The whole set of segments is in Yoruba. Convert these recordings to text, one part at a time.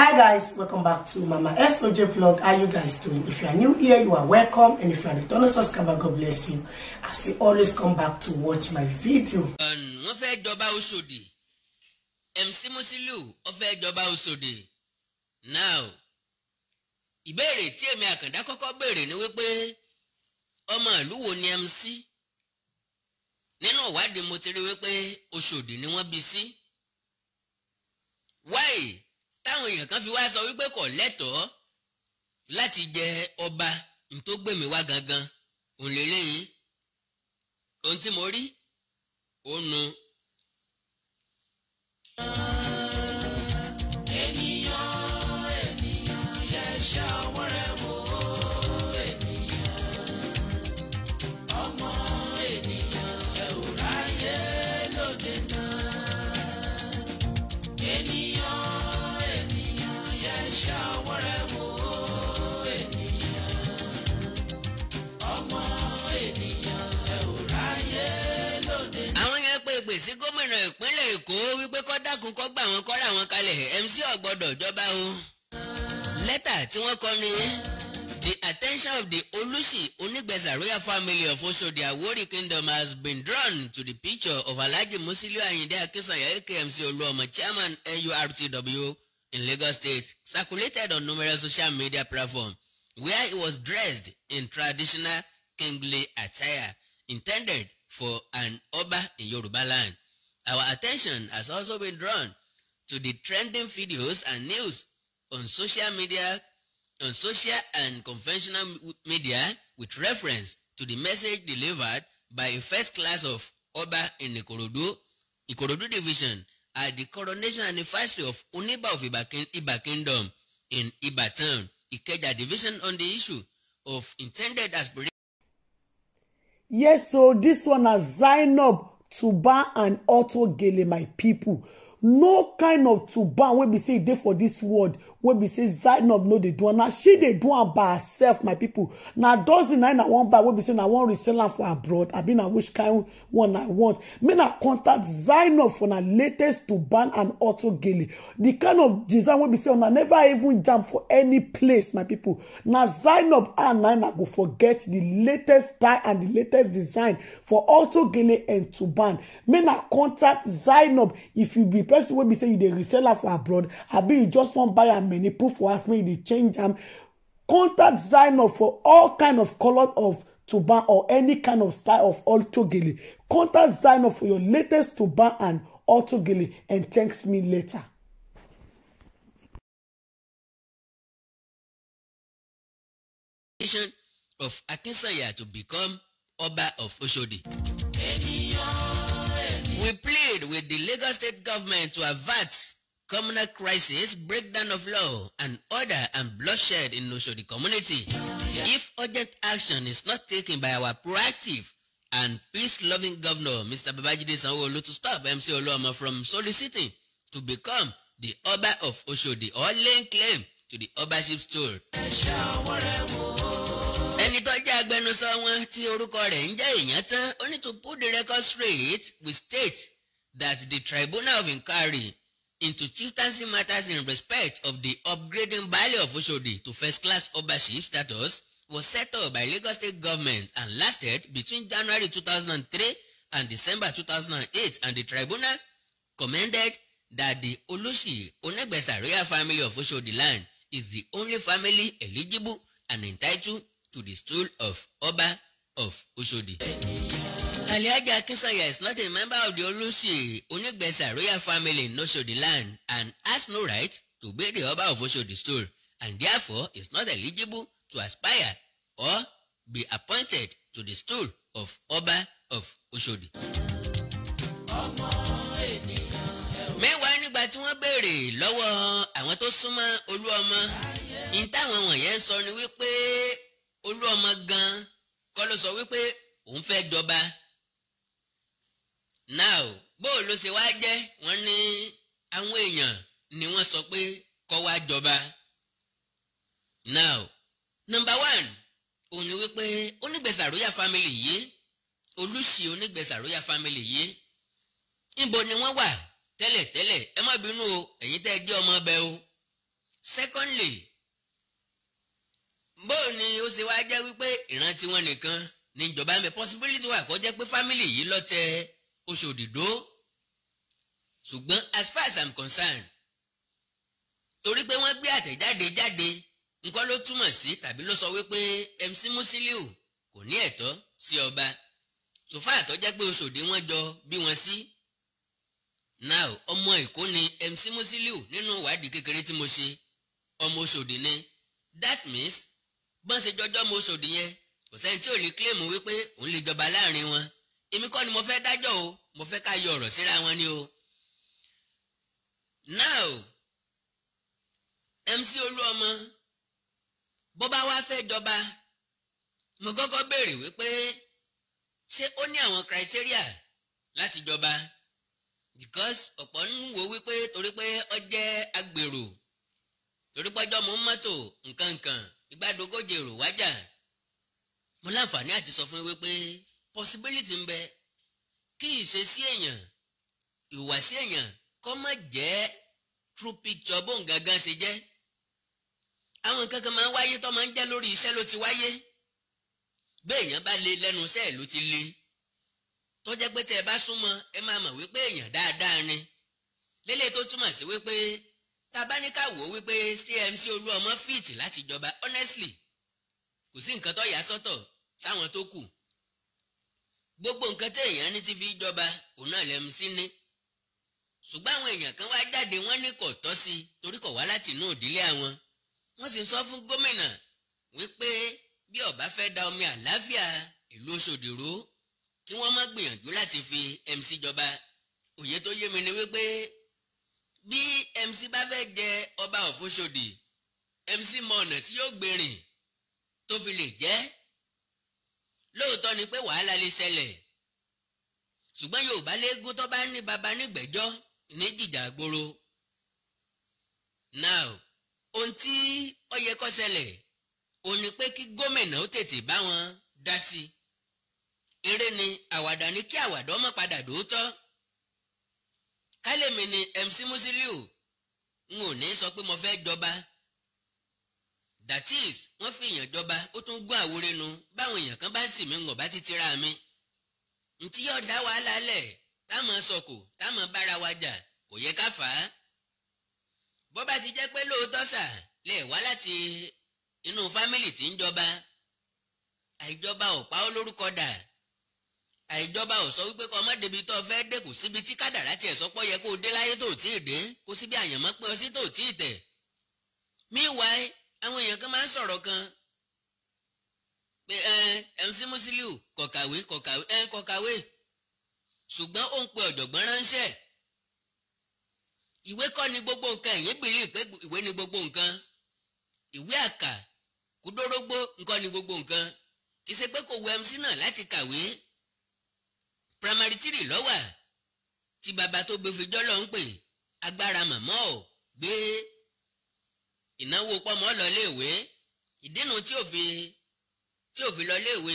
hi guys welcome back to mama soj vlog how you guys doing if you are new here you are welcome and if you are returning subscriber god bless you as you always come back to watch my video wọ́n fẹ́ jọba Ọ̀ṣọ́dì MC Musilu ó fẹ́ jọba Ọ̀ṣọ́dì now ìbéèrè tí èmi Àkàndá kọ́kọ́ béèrè ni wípé ọmọ ìlú wo ni MC nínú ìwádìí mo ti rí wípé Ọ̀ṣọ́dì ni wọ́n bí sí wáyé táwọn èèyàn kan fi wá sọ wípé kò lẹ́tọ̀ọ́ láti jẹ ọba tó gbèmí wá gangan òun lélẹ́yìn ohun tí mo rí òun nu kọ́ra wọn kalẹ̀ MC ọ̀gbọ́dọ̀ jọba o lẹ́tà tí wọ́n kọ ni the attention of the Olushi Onigbeza royal family of Oshodi Awori kingdom has been drawn to the picture of Alhaji Musiliu Ayinde Akinsanya AKMC Oluomo chairman NURTW in Lagos State circulated on numerous social media platforms where he was dressed in traditional kingly attire intended for an Oba in Yoruba land. Our attention has also been drawn to the trending videos and news on social media on social and conventional media with reference to the message delivered by a first class of Oba in Ikorodu, Ikorodu Division at the coronation anniversary of Uniba of Iba, Kingdom in Ibadan, Ikeja Division on the issue of intended aspiration. Yes, so this one has signed up to ban and auto gele my people no kind of to ban wey be say e dey for dis world wey be say zainab no dey do am na she dey do am by herself my pipo na dozen na i wan buy wey be say na wan resell am for abroad i na which kind one i want make i contact zainab for na latest to ban and auto gele The kind of design wey be say una never even jam for any place my pipo na zainab and na go forget the latest style and the latest design for auto gele and to ban. make i contact zainab if you be person wey be saying you dey resell for abroad abi be just one buyer. am many put for house make you change them. contact zainab for all kind of color of turban or any kind of style of altogele contact zainab for your latest turban and altogele and thanks me later. of Akinsanya to become Oba of Oshodi with the Lagos state government to avert communal crisis, breakdown of law and order and bloodshed in Oshodi community. Yeah. If urgent action is not taken by our proactive and peace-loving governor, Mr. Babajide Sanwo-Olu, to stop MC Oluoma from soliciting to become the Oba of Oshodi or laying claim to the Obaship stool. ẹni tó jẹ́ agbẹnusọ wọn tí orúkọ rẹ̀ ń jẹ́ èèyàn tán ó ní to put the record straight with state that the tribunal of inquiry into chieftaincy matters in respect of the upgrading Baale of Oshodi to first-class Obaship status was set up by Lagos State government and lasted between January 2003 and December 2008 and the tribunal commended that the Olushi Onegbesa royal family of Oshodi land is the only family eligible and entitled to the stool of Oba of Oshodi. Aliaga Akinsanya is not a member of the Olusi Onigbesa royal family in Oshodi land and has no right to be the Oba of Oshodi store and therefore is not eligible to aspire or be appointed to the stool of Oba of Oshodi. mẹ́wàá nígbà tí wọ́n béèrè lọ́wọ́ àwọn tó súnmọ́ Olúọmọ ní táwọn wọ̀nyẹn sọ ni wípé Olúọmọ gan-an kọ́ ló sọ wípé òun fẹ́ jọba now bó ló ṣe wá jẹ́ wọ́n ní àwọn èèyàn ni wọ́n sọ pé kọ́ wá jọba now number one òun ni wípé onígbèsàróyà family yìí olùsì onígbèsàróyà family yìí níbo ni wọ́n wà tẹ́lẹ̀tẹ́lẹ̀ ẹ má bínú o ẹ̀yin tẹ́ ẹ jẹ́ ọmọ ọbẹ̀ o secondly bóun ni ó ṣe wá jẹ́ wípé ìrántí wọn nìkan níjọba mi possibility wà kó jẹ́ pé family yìí lọ́tẹ̀ẹ́ Oṣòdìdó ṣùgbọ́n as far as I'm concerned torí pé wọ́n gbé àtẹ̀jáde jáde nǹkan ló túmọ̀ sí tàbí ló sọ wípé MC Musiliu kò ní ẹ̀tọ́ sí ọba sòfà àtọ́ jẹ́ pé Oṣòdì wọ́n jọ bí wọ́n sí now ọmọ Èkó ni MC Musiliu nínú ìwádìí kékeré tí mo ṣe ọmọ Oṣòdì ni that means bọ́n ṣe jọjọ́ ọmọ Oṣòdì yẹn kò sẹ́ni tí ò lè claim wípé òun lè jọba láàrin wọn èmi kọ́ ni mo fẹ́ dájọ́ o mo fẹ́ ká yọ ọ̀rọ̀ síra wọn ni o. now MC Olúọmọ bó bá wá fẹ́ jọba mo kọ́kọ́ béèrè wípé ṣé ó ní àwọn criteria láti jọba because ọ̀pọ̀ ń wò wípé torí pé ó jẹ́ agbèrò torí pé ọjọ́ mo ń mọ́tò nǹkan nǹkan ìgbàdógójì èrò wájà mo láǹfààní àti sọ fún wípé possibility ń bẹ kí ìṣesí èèyàn ìhùwàsí èèyàn kó má jẹ́ true picture bóun gangan ṣe jẹ́ àwọn nǹkan kan máa ń wáyé tó máa ń jẹ́ lórí iṣẹ́ ló ti wáyé béèyàn bá le lẹ́nu iṣẹ́ ẹ̀ ló ti le tó jẹ́ pé tẹ́ ẹ bá súnmọ́ ẹ máa mọ̀ wípé èèyàn dáadáa ni lélẹ̀ tó túmọ̀ sí wípé tabaníkàwò wípé CMC Olúọmọ fìtì láti jọba honestly kò sí nǹkan tó yà sọ́tọ̀ sáwọn tó kù gbogbo nǹkan tí èèyàn ní ti fi jọba òun náà lẹ́mu sí ní ṣùgbọ́n àwọn èèyàn kan wá jáde wọ́n ní kò tọ́ sí torí kò wá láti inú ìdílé àwọn wọ́n sì ń sọ fún gómìnà wípé bí ọba fẹ́ da omi àlàáfíà ìlú Ọ̀ṣọ́dì ró kí wọ́n má gbìyànjú láti fi MC jọba òye tó yé mi ni wípé bí MC bá fẹ́ jẹ ọba of Ọ̀ṣọ́dì MC mọ ọ̀nà tí yóò gbèrìn tó fi lè jẹ́ lóòótọ́ ni pé wàhálà lè ṣẹlẹ̀ ṣùgbọ́n Yorùbá léegun tó bá ní baba nígbẹ̀jọ́ ní jìjà gbòòrò now ohun tí ó yẹ kó ṣẹlẹ̀ ó ní pé kí gómìnà ó tètè bá wọn dá sí eré ni àwàdà ni kí àwàdà ọmọ padà dòótọ́ kálẹ̀mí ni MC Musiliu n ò ní sọ pé mo fẹ́ jọba that is wọ́n fi èèyàn jọba ó tún gún àwòrán nu báwọn èèyàn kan bá tì mí ń ọ̀bá títí ra mi ntí yóò dá wàhálà lẹ̀ táwọn sọkò táwọn bára wa jà kò yẹ ká fà á bó bá ti jẹ́ pé lóòótọ́ sà lè wá láti inú fámìlì tí ń jọba àìjọba ò pa ó lórúkọ dà àìjọba ò sọ wípé kọ́ ọmọdébi tó fẹ́ dé kò síbi tí kádàrá tiẹ̀ sọpọ́ yẹ kó o dé láyé tó tí ì dé kó síbi àyànmọ́ pé ọ sí tó tí ì tẹ̀ meanwhile àwọn èèyàn kan máa ń sọ̀rọ̀ kan pé ẹ MC Musiliu kọ̀kàwé kọ̀kàwé ẹ kọ̀kàwé ṣùgbọ́n ó ń pe ọ̀jọ̀gbọ́n ránṣẹ́ ìwé kọ́ ni gbogbo nǹkan ìwé bìrì pé ìwé ni gbogbo nǹkan ìwé àkà kúdórógbó nǹkan ni gbogbo nǹkan kì í ṣe pé kò wù MC náà láti kàwé primary three lọ́wà tí bàbá tó gbé fìjọ́ lọ ń pè agbára màmá ò gbé ìnáwó pọ́mọ́ lọ́léèwé ìdínú tí ò fi tí ò fi lọ́léèwé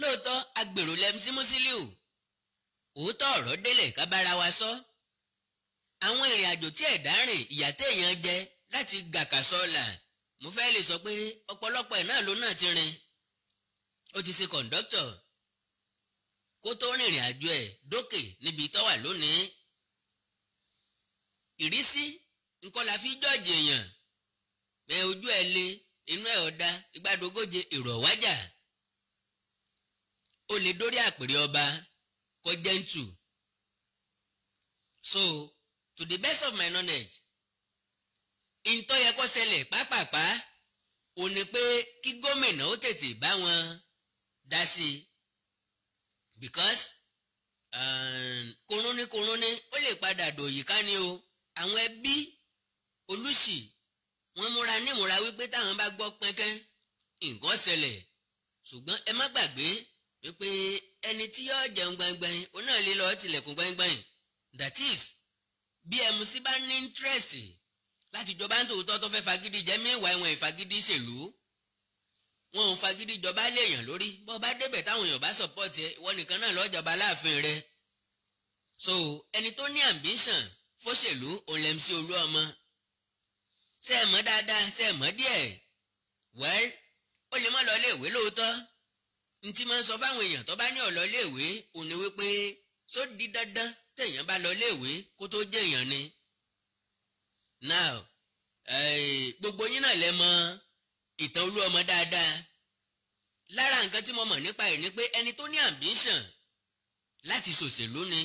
lóòótọ́ agbèrò lẹ́mísí Musiliu òótọ́ ọ̀rọ̀ délẹ̀ ká bára wa sọ àwọn ìrìn àjò tí ẹ̀dá rìn ìyà téèyàn jẹ láti gàkàsọ là mo fẹ́ lè sọ pé ọ̀pọ̀lọpọ̀ ẹ̀ náà ló náà ti rìn ó ti ṣe kọ̀ǹdọ́tọ̀ kó tó rìnrìn àjò ẹ̀ dókè níbi tó wà lónìí ìrísí nǹkan la fi jọ́ọ̀jì èèyàn ẹ ojú ẹ le inú ẹ ọ̀dà ìgbàdógóje èrò ọ̀wájà ó lè dórí àpèrè ọba kó jẹ́ǹtù so to the best of my knowledge ìtọ́ yẹ kó ṣẹlẹ̀ pápápá ò ní pé kí gómìnà ó tètè bá wọn dá sí i because um, korúnníkorúnní ó lè padà dòyìká ni o àwọn ẹbí olùsì wọ́n múra nímúra wípé táwọn bá gbọ́ pẹ́kẹ́ nǹkan ṣẹlẹ̀ ṣùgbọ́n ẹ má gbàgbé wípé ẹni tí yóò jẹun gbangban òun náà lè lọ tilẹ̀kùn gbangban that is bí MC bá ní interest láti jọba ní tòótọ́ tó fẹ́ fagídí jẹ́ mẹ́wàá ìwọ̀n ìfagídí ṣèlú wọn ò fagídí jọba léèyàn lórí bó bá débẹ̀ táwọn èèyàn bá support ẹ ìwọ nìkan náà lọ́jọba láàfin rẹ so ẹni tó ní ambition fóṣèlú òun lẹ́mí sí olú ọmọ ṣe é mọ̀ dáadáa ṣe é mọ̀ díẹ̀ wẹ́ẹ́ ó lè má lọ iléèwé lóòótọ́ n ti máa ń sọ fáwọn èèyàn tó bá ní ọ̀lọ́ iléèwé ò ní wípé só di dandan téèyàn bá lọ iléèwé kó tó jẹ́ èèyàn ni. now eh, gbogbo yín náà lẹ mọ̀ ìtàn olú ọmọ dáadáa lára nǹkan tí mo mọ̀ nípa ẹ̀ ni pé ẹni tó ní ambition láti ṣòṣèlú ni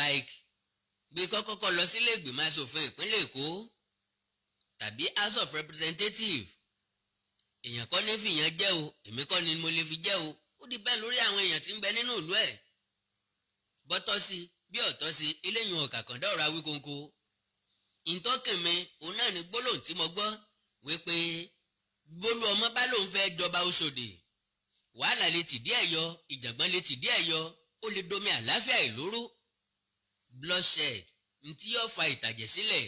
like bí kọ́kọ́kọ́ lọ sílé ìgbìmọ̀ asòfin ìpínlẹ̀ èkó tàbí house of representative èèyàn kọ́ ní fìyàn jẹ́ o èmi kọ́ ni mo lè fi jẹ́ o ó di bẹ́ẹ̀ lórí àwọn èèyàn tí ń bẹ nínú ìlú ẹ̀ bọ́tọ́ sí bí ọ̀tọ́ sí eléyìí ọ̀kà kan dọ̀rọ̀ awí kónkó ìtọ́kìnmi òun náà ni gbólóhùn tí mo gbọ́ wípé gbólú ọmọ bá lòun fẹ́ jọba Ọ̀ṣọ́dì wàhálà lè tìdí ẹ̀ yọ ìjàngbọ̀n lè tìdí ẹ̀ yọ ó lè domi àlàáfíà ìlú rú bloodshed ntí yóò fa ìtàjẹ̀sílẹ̀